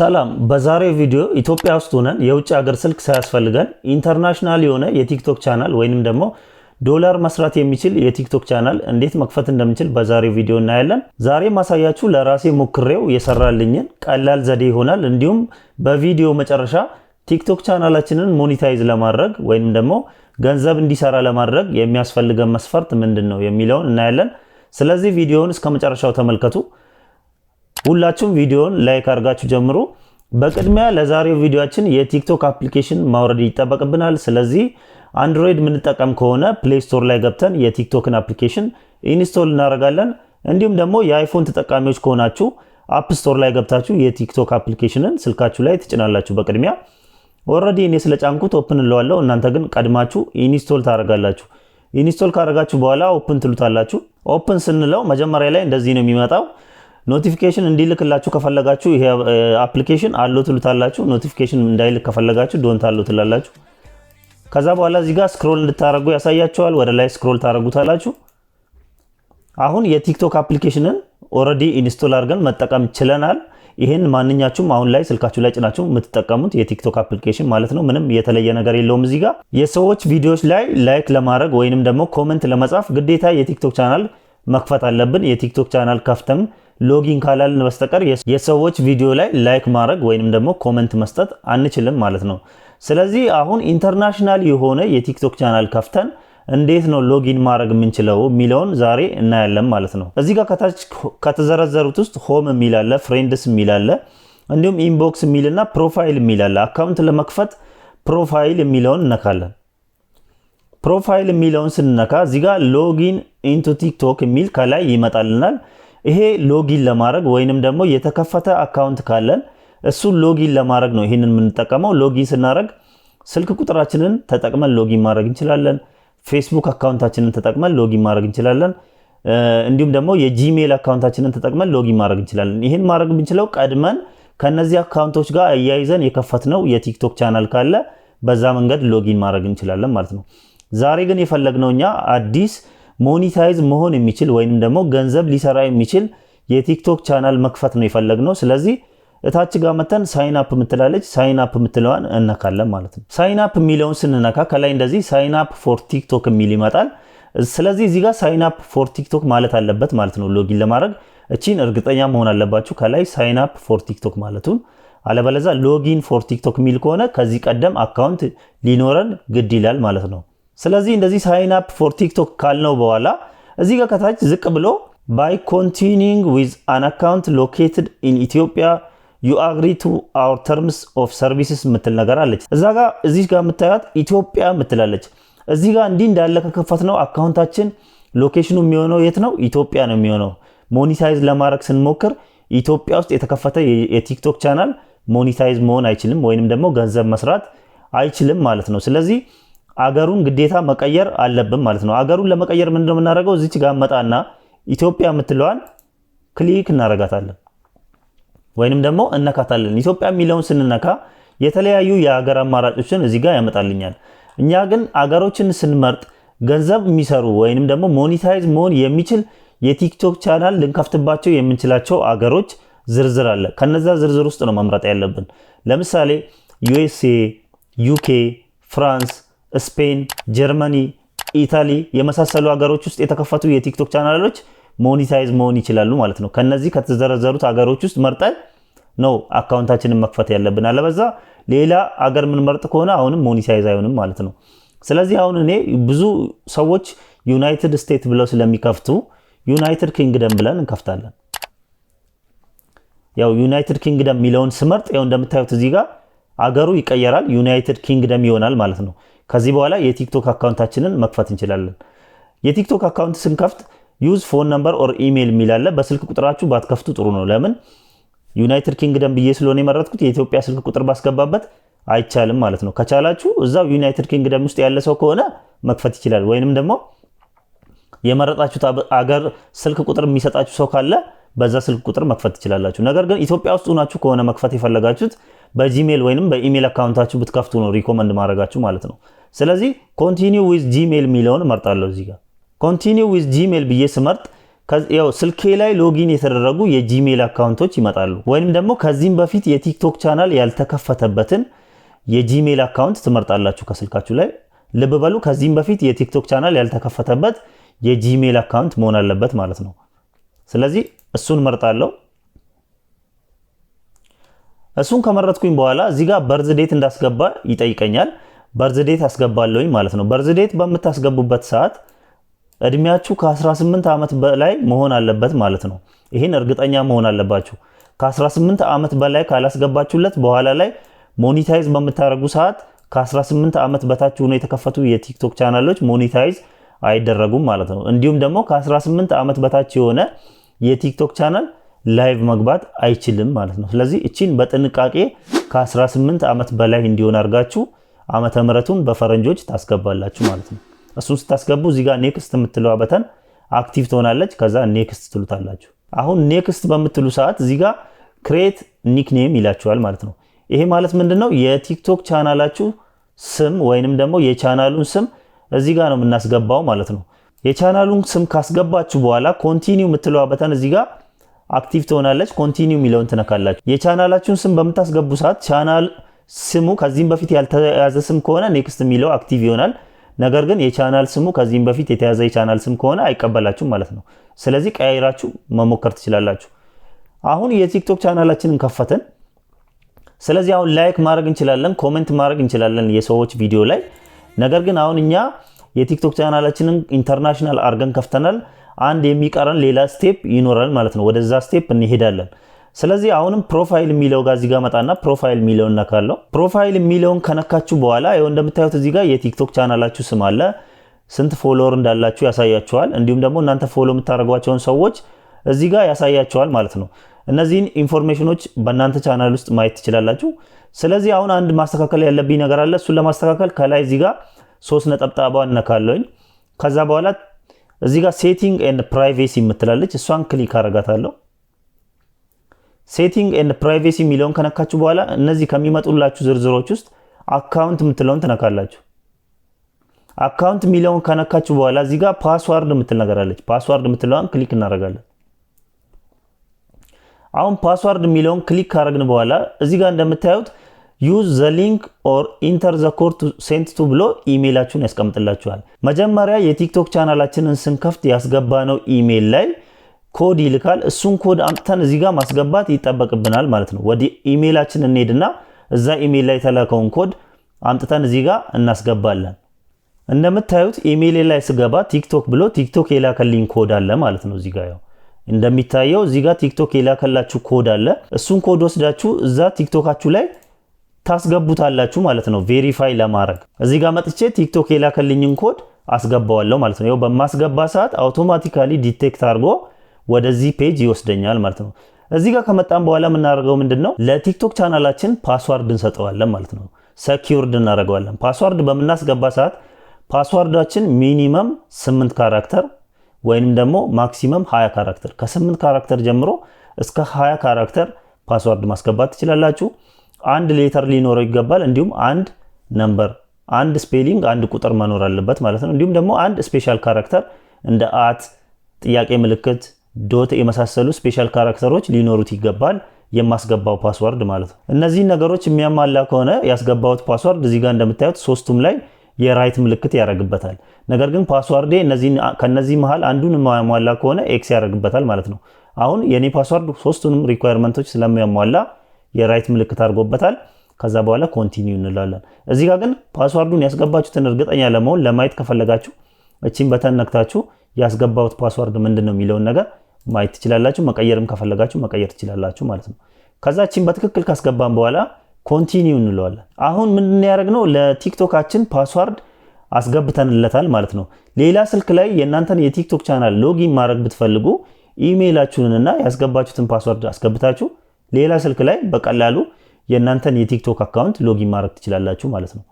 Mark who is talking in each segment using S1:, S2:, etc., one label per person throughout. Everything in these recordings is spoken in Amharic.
S1: ሰላም በዛሬው ቪዲዮ ኢትዮጵያ ውስጥ ሆነን የውጭ ሀገር ስልክ ሳያስፈልገን ኢንተርናሽናል የሆነ የቲክቶክ ቻናል ወይንም ደግሞ ዶላር መስራት የሚችል የቲክቶክ ቻናል እንዴት መክፈት እንደምችል በዛሬው ቪዲዮ እናያለን። ዛሬ ማሳያችሁ ለራሴ ሞክሬው የሰራልኝን ቀላል ዘዴ ይሆናል። እንዲሁም በቪዲዮ መጨረሻ ቲክቶክ ቻናላችንን ሞኒታይዝ ለማድረግ ወይንም ደግሞ ገንዘብ እንዲሰራ ለማድረግ የሚያስፈልገን መስፈርት ምንድን ነው የሚለውን እናያለን። ስለዚህ ቪዲዮውን እስከ መጨረሻው ተመልከቱ። ሁላችሁም ቪዲዮን ላይክ አድርጋችሁ ጀምሩ። በቅድሚያ ለዛሬው ቪዲዮችን የቲክቶክ አፕሊኬሽን ማውረድ ይጠበቅብናል። ስለዚህ አንድሮይድ የምንጠቀም ከሆነ ፕሌይ ስቶር ላይ ገብተን የቲክቶክን አፕሊኬሽን ኢንስቶል እናደርጋለን። እንዲሁም ደግሞ የአይፎን ተጠቃሚዎች ከሆናችሁ አፕ ስቶር ላይ ገብታችሁ የቲክቶክ አፕሊኬሽንን ስልካችሁ ላይ ትጭናላችሁ። በቅድሚያ ኦልሬዲ እኔ ስለ ጫንኩት ኦፕን እለዋለሁ። እናንተ ግን ቀድማችሁ ኢንስቶል ታደርጋላችሁ። ኢንስቶል ካደረጋችሁ በኋላ ኦፕን ትሉታላችሁ። ኦፕን ስንለው መጀመሪያ ላይ እንደዚህ ነው የሚመጣው ኖቲፊኬሽን እንዲልክላችሁ ከፈለጋችሁ ይሄ አፕሊኬሽን አለው ትሉታላችሁ። ኖቲፊኬሽን እንዳይልክ ከፈለጋችሁ ዶንት አለው ትላላችሁ። ከዛ በኋላ እዚህ ጋር ስክሮል እንድታደረጉ ያሳያቸዋል። ወደ ላይ ስክሮል ታደረጉታላችሁ። አሁን የቲክቶክ አፕሊኬሽንን ኦልሬዲ ኢንስቶል አድርገን መጠቀም ችለናል። ይህን ማንኛችሁም አሁን ላይ ስልካችሁ ላይ ጭናችሁ የምትጠቀሙት የቲክቶክ አፕሊኬሽን ማለት ነው። ምንም የተለየ ነገር የለውም። እዚህ ጋር የሰዎች ቪዲዮዎች ላይ ላይክ ለማድረግ ወይንም ደግሞ ኮመንት ለመጻፍ ግዴታ የቲክቶክ ቻናል መክፈት አለብን። የቲክቶክ ቻናል ከፍተን ሎጊን ካላልን በስተቀር የሰዎች ቪዲዮ ላይ ላይክ ማድረግ ወይንም ደግሞ ኮመንት መስጠት አንችልም ማለት ነው። ስለዚህ አሁን ኢንተርናሽናል የሆነ የቲክቶክ ቻናል ከፍተን እንዴት ነው ሎጊን ማድረግ የምንችለው የሚለውን ዛሬ እናያለን ማለት ነው። እዚህ ጋር ከታች ከተዘረዘሩት ውስጥ ሆም የሚላለ፣ ፍሬንድስ የሚላለ፣ እንዲሁም ኢንቦክስ የሚልና ፕሮፋይል የሚላለ። አካውንት ለመክፈት ፕሮፋይል የሚለውን እነካለን። ፕሮፋይል የሚለውን ስንነካ እዚጋ ሎጊን ኢንቱ ቲክቶክ የሚል ከላይ ይመጣልናል። ይሄ ሎጊን ለማድረግ ወይንም ደግሞ የተከፈተ አካውንት ካለን እሱን ሎጊን ለማድረግ ነው ይህንን የምንጠቀመው። ሎጊን ስናደረግ ስልክ ቁጥራችንን ተጠቅመን ሎጊን ማድረግ እንችላለን። ፌስቡክ አካውንታችንን ተጠቅመን ሎጊን ማድረግ እንችላለን። እንዲሁም ደግሞ የጂሜል አካውንታችንን ተጠቅመን ሎጊን ማድረግ እንችላለን። ይህን ማድረግ የምንችለው ቀድመን ከነዚህ አካውንቶች ጋር እያይዘን የከፈትነው የቲክቶክ ቻናል ካለ በዛ መንገድ ሎጊን ማድረግ እንችላለን ማለት ነው። ዛሬ ግን የፈለግነው እኛ አዲስ ሞኒታይዝ መሆን የሚችል ወይንም ደግሞ ገንዘብ ሊሰራ የሚችል የቲክቶክ ቻናል መክፈት ነው የፈለግነው። ስለዚህ እታች ጋር መተን ሳይን አፕ የምትላለች ሳይን አፕ የምትለዋን እነካለን ማለት ነው። ሳይን አፕ የሚለውን ስንነካ ከላይ እንደዚህ ሳይን አፕ ፎር ቲክቶክ የሚል ይመጣል። ስለዚህ እዚህ ጋር ሳይን አፕ ፎር ቲክቶክ ማለት አለበት ማለት ነው። ሎጊን ለማድረግ እቺን እርግጠኛ መሆን አለባችሁ ከላይ ሳይን አፕ ፎር ቲክቶክ ማለቱን አለበለዛ ሎጊን ፎር ቲክቶክ የሚል ከሆነ ከዚህ ቀደም አካውንት ሊኖረን ግድ ይላል ማለት ነው። ስለዚህ እንደዚህ ሳይን አፕ ፎር ቲክቶክ ካልነው በኋላ እዚህ ጋር ከታች ዝቅ ብሎ ባይ ኮንቲኒንግ ዊዝ አን አካውንት ሎኬትድ ኢን ኢትዮጵያ ዩ አግሪ ቱ አወር ተርምስ ኦፍ ሰርቪስስ የምትል ነገር አለች። እዛ ጋ እዚህ ጋር የምታያት ኢትዮጵያ የምትላለች። እዚህ ጋር እንዲህ እንዳለ ከከፈት ነው አካውንታችን ሎኬሽኑ የሚሆነው የት ነው? ኢትዮጵያ ነው የሚሆነው። ሞኒታይዝ ለማድረግ ስንሞክር ኢትዮጵያ ውስጥ የተከፈተ የቲክቶክ ቻናል ሞኒታይዝ መሆን አይችልም፣ ወይንም ደግሞ ገንዘብ መስራት አይችልም ማለት ነው። ስለዚህ አገሩን ግዴታ መቀየር አለብን ማለት ነው። አገሩን ለመቀየር ምንድነው የምናደርገው? እዚች ጋር መጣና ኢትዮጵያ የምትለዋን ክሊክ እናረጋታለን ወይንም ደግሞ እነካታለን። ኢትዮጵያ የሚለውን ስንነካ የተለያዩ የሀገር አማራጮችን እዚህ ጋር ያመጣልኛል። እኛ ግን አገሮችን ስንመርጥ ገንዘብ የሚሰሩ ወይንም ደግሞ ሞኒታይዝ መሆን የሚችል የቲክቶክ ቻናል ልንከፍትባቸው የምንችላቸው አገሮች ዝርዝር አለ። ከነዛ ዝርዝር ውስጥ ነው መምረጥ ያለብን። ለምሳሌ ዩኤስኤ፣ ዩኬ፣ ፍራንስ ስፔን፣ ጀርመኒ፣ ኢታሊ የመሳሰሉ ሀገሮች ውስጥ የተከፈቱ የቲክቶክ ቻናሎች ሞኒታይዝ መሆን ይችላሉ ማለት ነው። ከነዚህ ከተዘረዘሩት ሀገሮች ውስጥ መርጠን ነው አካውንታችንን መክፈት ያለብን። አለበዛ ሌላ አገር የምንመርጥ ከሆነ አሁንም ሞኒታይዝ አይሆንም ማለት ነው። ስለዚህ አሁን እኔ ብዙ ሰዎች ዩናይትድ ስቴትስ ብለው ስለሚከፍቱ ዩናይትድ ኪንግደም ብለን እንከፍታለን። ያው ዩናይትድ ኪንግደም የሚለውን ስመርጥ ያው እንደምታዩት እዚህ ጋር አገሩ ይቀየራል፣ ዩናይትድ ኪንግደም ይሆናል ማለት ነው። ከዚህ በኋላ የቲክቶክ አካውንታችንን መክፈት እንችላለን። የቲክቶክ አካውንት ስንከፍት ዩዝ ፎን ነምበር ኦር ኢሜይል የሚላለ በስልክ ቁጥራችሁ ባትከፍቱ ጥሩ ነው። ለምን ዩናይትድ ኪንግደም ብዬ ስለሆነ የመረጥኩት የኢትዮጵያ ስልክ ቁጥር ባስገባበት አይቻልም ማለት ነው። ከቻላችሁ እዛው ዩናይትድ ኪንግደም ውስጥ ያለ ሰው ከሆነ መክፈት ይችላል። ወይንም ደግሞ የመረጣችሁት አገር ስልክ ቁጥር የሚሰጣችሁ ሰው ካለ በዛ ስልክ ቁጥር መክፈት ትችላላችሁ። ነገር ግን ኢትዮጵያ ውስጥ ሆናችሁ ከሆነ መክፈት የፈለጋችሁት በጂሜል ወይንም በኢሜል አካውንታችሁ ብትከፍቱ ነው ሪኮመንድ ማድረጋችሁ ማለት ነው። ስለዚህ ኮንቲኒው ዊዝ ጂሜል የሚለውን እመርጣለሁ። እዚህ ጋር ኮንቲኒው ዊዝ ጂሜል ብዬ ስመርጥ ያው ስልኬ ላይ ሎጊን የተደረጉ የጂሜል አካውንቶች ይመጣሉ። ወይም ደግሞ ከዚህም በፊት የቲክቶክ ቻናል ያልተከፈተበትን የጂሜል አካውንት ትመርጣላችሁ ከስልካችሁ ላይ። ልብ በሉ፣ ከዚህም በፊት የቲክቶክ ቻናል ያልተከፈተበት የጂሜል አካውንት መሆን አለበት ማለት ነው። ስለዚህ እሱን መርጣለሁ። እሱን ከመረጥኩኝ በኋላ እዚህ ጋር በርዝ ዴት እንዳስገባ ይጠይቀኛል። በርዝዴት አስገባለሁኝ ማለት ነው። በርዝዴት በምታስገቡበት ሰዓት እድሜያችሁ ከ18 ዓመት በላይ መሆን አለበት ማለት ነው። ይህን እርግጠኛ መሆን አለባችሁ። ከ18 ዓመት በላይ ካላስገባችሁለት በኋላ ላይ ሞኒታይዝ በምታደርጉ ሰዓት ከ18 ዓመት በታች ሆኖ የተከፈቱ የቲክቶክ ቻናሎች ሞኒታይዝ አይደረጉም ማለት ነው። እንዲሁም ደግሞ ከ18 ዓመት በታች የሆነ የቲክቶክ ቻናል ላይቭ መግባት አይችልም ማለት ነው። ስለዚህ እቺን በጥንቃቄ ከ18 ዓመት በላይ እንዲሆን አድርጋችሁ ዓመተ ምሕረቱን በፈረንጆች ታስገባላችሁ ማለት ነው። እሱን ስታስገቡ እዚህ ጋር ኔክስት የምትለዋ በተን አክቲቭ ትሆናለች። ከዛ ኔክስት ትሉታላችሁ። አሁን ኔክስት በምትሉ ሰዓት እዚህ ጋር ክሬት ኒክኔም ይላችኋል ማለት ነው። ይሄ ማለት ምንድን ነው? የቲክቶክ ቻናላችሁ ስም ወይንም ደግሞ የቻናሉን ስም እዚህ ጋር ነው የምናስገባው ማለት ነው። የቻናሉን ስም ካስገባችሁ በኋላ ኮንቲኒው የምትለዋ በተን እዚህ ጋር አክቲቭ ትሆናለች። ኮንቲኒው የሚለውን ትነካላችሁ። የቻናላችሁን ስም በምታስገቡ ሰዓት ቻናል ስሙ ከዚህም በፊት ያልተያዘ ስም ከሆነ ኔክስት የሚለው አክቲቭ ይሆናል። ነገር ግን የቻናል ስሙ ከዚህም በፊት የተያዘ የቻናል ስም ከሆነ አይቀበላችሁም ማለት ነው። ስለዚህ ቀያይራችሁ መሞከር ትችላላችሁ። አሁን የቲክቶክ ቻናላችንን ከፈትን። ስለዚህ አሁን ላይክ ማድረግ እንችላለን፣ ኮሜንት ማድረግ እንችላለን የሰዎች ቪዲዮ ላይ። ነገር ግን አሁን እኛ የቲክቶክ ቻናላችንን ኢንተርናሽናል አድርገን ከፍተናል። አንድ የሚቀረን ሌላ ስቴፕ ይኖራል ማለት ነው። ወደዛ ስቴፕ እንሄዳለን። ስለዚህ አሁንም ፕሮፋይል የሚለው ጋር እዚህ መጣና ፕሮፋይል የሚለውን ነካለው። ፕሮፋይል የሚለውን ከነካችሁ በኋላ ይኸው እንደምታዩት እዚጋ የቲክቶክ ቻናላችሁ ስም አለ፣ ስንት ፎሎወር እንዳላችሁ ያሳያችኋል። እንዲሁም ደግሞ እናንተ ፎሎ የምታደርጓቸውን ሰዎች እዚጋ ጋር ያሳያችኋል ማለት ነው። እነዚህን ኢንፎርሜሽኖች በእናንተ ቻናል ውስጥ ማየት ትችላላችሁ። ስለዚህ አሁን አንድ ማስተካከል ያለብኝ ነገር አለ። እሱን ለማስተካከል ከላይ እዚህ ጋር ሶስት ነጠብጣባ ነካለኝ። ከዛ በኋላ እዚጋ ጋር ሴቲንግ ኤንድ ፕራይቬሲ የምትላለች እሷን ክሊክ አረጋታለሁ። ሴቲንግ ኤንድ ፕራይቬሲ የሚለውን ከነካችሁ በኋላ እነዚህ ከሚመጡላችሁ ዝርዝሮች ውስጥ አካውንት የምትለውን ትነካላችሁ። አካውንት የሚለውን ከነካችሁ በኋላ እዚህ ጋር ፓስዋርድ የምትል ነገር አለች። ፓስዋርድ የምትለዋን ክሊክ እናደርጋለን። አሁን ፓስዋርድ የሚለውን ክሊክ ካደረግን በኋላ እዚህ ጋር እንደምታዩት ዩዝ ዘ ሊንክ ኦር ኢንተር ዘ ኮርት ሴንት ቱ ብሎ ኢሜይላችሁን ያስቀምጥላችኋል። መጀመሪያ የቲክቶክ ቻናላችንን ስንከፍት ያስገባነው ኢሜይል ላይ ኮድ ይልካል። እሱን ኮድ አምጥተን እዚህ ጋር ማስገባት ይጠበቅብናል ማለት ነው። ወደ ኢሜይላችን እንሄድና እዛ ኢሜይል ላይ የተላከውን ኮድ አምጥተን እዚህ ጋር እናስገባለን። እንደምታዩት ኢሜይል ላይ ስገባ ቲክቶክ ብሎ ቲክቶክ የላከልኝ ኮድ አለ ማለት ነው። እዚህ ጋር ያው እንደሚታየው እዚህ ጋር ቲክቶክ የላከላችሁ ኮድ አለ። እሱን ኮድ ወስዳችሁ እዛ ቲክቶካችሁ ላይ ታስገቡታላችሁ ማለት ነው። ቬሪፋይ ለማድረግ እዚህ ጋር መጥቼ ቲክቶክ የላከልኝን ኮድ አስገባዋለሁ ማለት ነው። ያው በማስገባ ሰዓት አውቶማቲካሊ ዲቴክት አድርጎ ወደዚህ ፔጅ ይወስደኛል ማለት ነው። እዚህ ጋር ከመጣን በኋላ የምናደርገው ምንድን ነው? ለቲክቶክ ቻናላችን ፓስዋርድ እንሰጠዋለን ማለት ነው። ሰኪውርድ እናደርገዋለን። ፓስዋርድ በምናስገባ ሰዓት ፓስዋርዳችን ሚኒመም ስምንት ካራክተር ወይንም ደግሞ ማክሲመም 20 ካራክተር፣ ከ8 ካራክተር ጀምሮ እስከ 20 ካራክተር ፓስዋርድ ማስገባት ትችላላችሁ። አንድ ሌተር ሊኖረው ይገባል። እንዲሁም አንድ ነምበር፣ አንድ ስፔሊንግ፣ አንድ ቁጥር መኖር አለበት ማለት ነው። እንዲሁም ደግሞ አንድ ስፔሻል ካራክተር እንደ አት፣ ጥያቄ ምልክት ዶት የመሳሰሉ ስፔሻል ካራክተሮች ሊኖሩት ይገባል። የማስገባው ፓስዋርድ ማለት ነው። እነዚህን ነገሮች የሚያሟላ ከሆነ ያስገባሁት ፓስዋርድ እዚህ ጋር እንደምታዩት ሶስቱም ላይ የራይት ምልክት ያደርግበታል። ነገር ግን ፓስዋርዴ ከነዚህ መሀል አንዱን የማያሟላ ከሆነ ኤክስ ያደርግበታል ማለት ነው። አሁን የኔ ፓስዋርድ ሶስቱንም ሪኳየርመንቶች ስለሚያሟላ የራይት ምልክት አድርጎበታል። ከዛ በኋላ ኮንቲኒው እንላለን። እዚህ ጋር ግን ፓስዋርዱን ያስገባችሁትን እርግጠኛ ለመሆን ለማየት ከፈለጋችሁ እቺን በተነክታችሁ ያስገባውት ያስገባሁት ፓስዋርድ ምንድን ነው የሚለውን ነገር ማየት ትችላላችሁ። መቀየርም ከፈለጋችሁ መቀየር ትችላላችሁ ማለት ነው። ከዛችን በትክክል ካስገባን በኋላ ኮንቲኒው እንለዋለን። አሁን ምንድን ያደረግነው ለቲክቶካችን ፓስዋርድ አስገብተንለታል ማለት ነው። ሌላ ስልክ ላይ የእናንተን የቲክቶክ ቻናል ሎጊን ማድረግ ብትፈልጉ ኢሜይላችሁንና ያስገባችሁትን ፓስዋርድ አስገብታችሁ ሌላ ስልክ ላይ በቀላሉ የእናንተን የቲክቶክ አካውንት ሎጊን ማድረግ ትችላላችሁ ማለት ነው።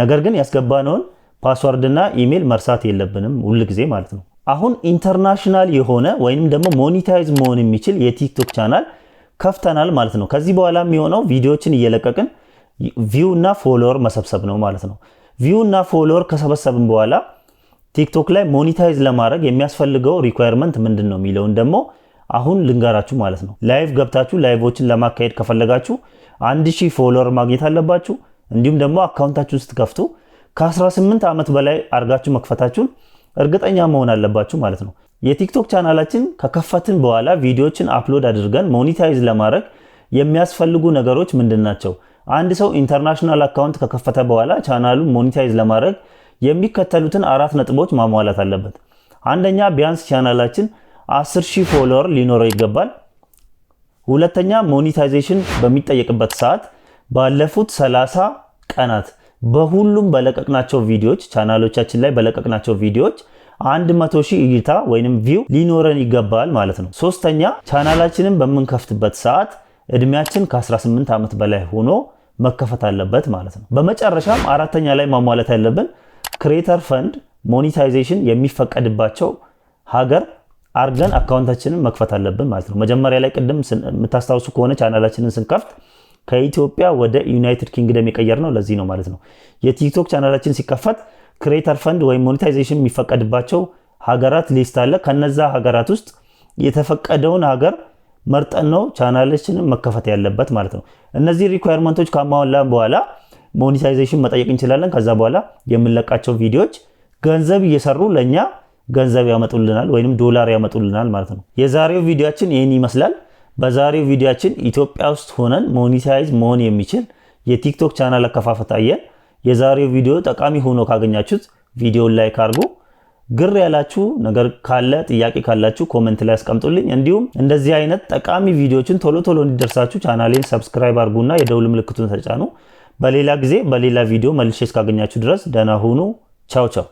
S1: ነገር ግን ያስገባነውን ፓስዋርድና ኢሜይል መርሳት የለብንም ሁል ጊዜ ማለት ነው። አሁን ኢንተርናሽናል የሆነ ወይም ደግሞ ሞኒታይዝ መሆን የሚችል የቲክቶክ ቻናል ከፍተናል ማለት ነው። ከዚህ በኋላ የሚሆነው ቪዲዮዎችን እየለቀቅን ቪው እና ፎሎወር መሰብሰብ ነው ማለት ነው። ቪው እና ፎሎወር ከሰበሰብን በኋላ ቲክቶክ ላይ ሞኒታይዝ ለማድረግ የሚያስፈልገው ሪኳየርመንት ምንድን ነው የሚለውን ደግሞ አሁን ልንገራችሁ ማለት ነው። ላይቭ ገብታችሁ ላይቮችን ለማካሄድ ከፈለጋችሁ አንድ ሺህ ፎሎወር ማግኘት አለባችሁ። እንዲሁም ደግሞ አካውንታችሁን ስትከፍቱ ከ18 ዓመት በላይ አድርጋችሁ መክፈታችሁን እርግጠኛ መሆን አለባችሁ ማለት ነው። የቲክቶክ ቻናላችን ከከፈትን በኋላ ቪዲዮዎችን አፕሎድ አድርገን ሞኒታይዝ ለማድረግ የሚያስፈልጉ ነገሮች ምንድን ናቸው? አንድ ሰው ኢንተርናሽናል አካውንት ከከፈተ በኋላ ቻናሉን ሞኒታይዝ ለማድረግ የሚከተሉትን አራት ነጥቦች ማሟላት አለበት። አንደኛ ቢያንስ ቻናላችን 10 ሺህ ፎሎወር ሊኖረው ይገባል። ሁለተኛ ሞኒታይዜሽን በሚጠየቅበት ሰዓት ባለፉት 30 ቀናት በሁሉም በለቀቅናቸው ቪዲዮዎች ቻናሎቻችን ላይ በለቀቅናቸው ቪዲዮዎች አንድ መቶ ሺህ እይታ ወይንም ቪው ሊኖረን ይገባል ማለት ነው። ሶስተኛ ቻናላችንን በምንከፍትበት ሰዓት እድሜያችን ከ18 ዓመት በላይ ሆኖ መከፈት አለበት ማለት ነው። በመጨረሻም አራተኛ ላይ ማሟላት ያለብን ክሬተር ፈንድ ሞኔታይዜሽን የሚፈቀድባቸው ሀገር አርገን አካውንታችንን መክፈት አለብን ማለት ነው። መጀመሪያ ላይ ቅድም የምታስታውሱ ከሆነ ቻናላችንን ስንከፍት ከኢትዮጵያ ወደ ዩናይትድ ኪንግደም የቀየር ነው። ለዚህ ነው ማለት ነው የቲክቶክ ቻናላችን ሲከፈት ክሬተር ፈንድ ወይም ሞኔታይዜሽን የሚፈቀድባቸው ሀገራት ሊስት አለ። ከነዛ ሀገራት ውስጥ የተፈቀደውን ሀገር መርጠን ነው ቻናላችንን መከፈት ያለበት ማለት ነው። እነዚህ ሪኳየርመንቶች ከማወላን በኋላ ሞኔታይዜሽን መጠየቅ እንችላለን። ከዛ በኋላ የምንለቃቸው ቪዲዮዎች ገንዘብ እየሰሩ ለእኛ ገንዘብ ያመጡልናል ወይም ዶላር ያመጡልናል ማለት ነው። የዛሬው ቪዲዮችን ይህን ይመስላል። በዛሬው ቪዲያችን ኢትዮጵያ ውስጥ ሆነን ሞኒታይዝ መሆን የሚችል የቲክቶክ ቻናል አከፋፈት አየን። የዛሬው ቪዲዮ ጠቃሚ ሆኖ ካገኛችሁት ቪዲዮን ላይክ አድርጉ። ግር ያላችሁ ነገር ካለ ጥያቄ ካላችሁ ኮመንት ላይ አስቀምጡልኝ። እንዲሁም እንደዚህ አይነት ጠቃሚ ቪዲዮችን ቶሎ ቶሎ እንዲደርሳችሁ ቻናሌን ሰብስክራይብ አድርጉና የደውል ምልክቱን ተጫኑ። በሌላ ጊዜ በሌላ ቪዲዮ መልሼ እስካገኛችሁ ድረስ ደህና ሁኑ። ቻው ቻው።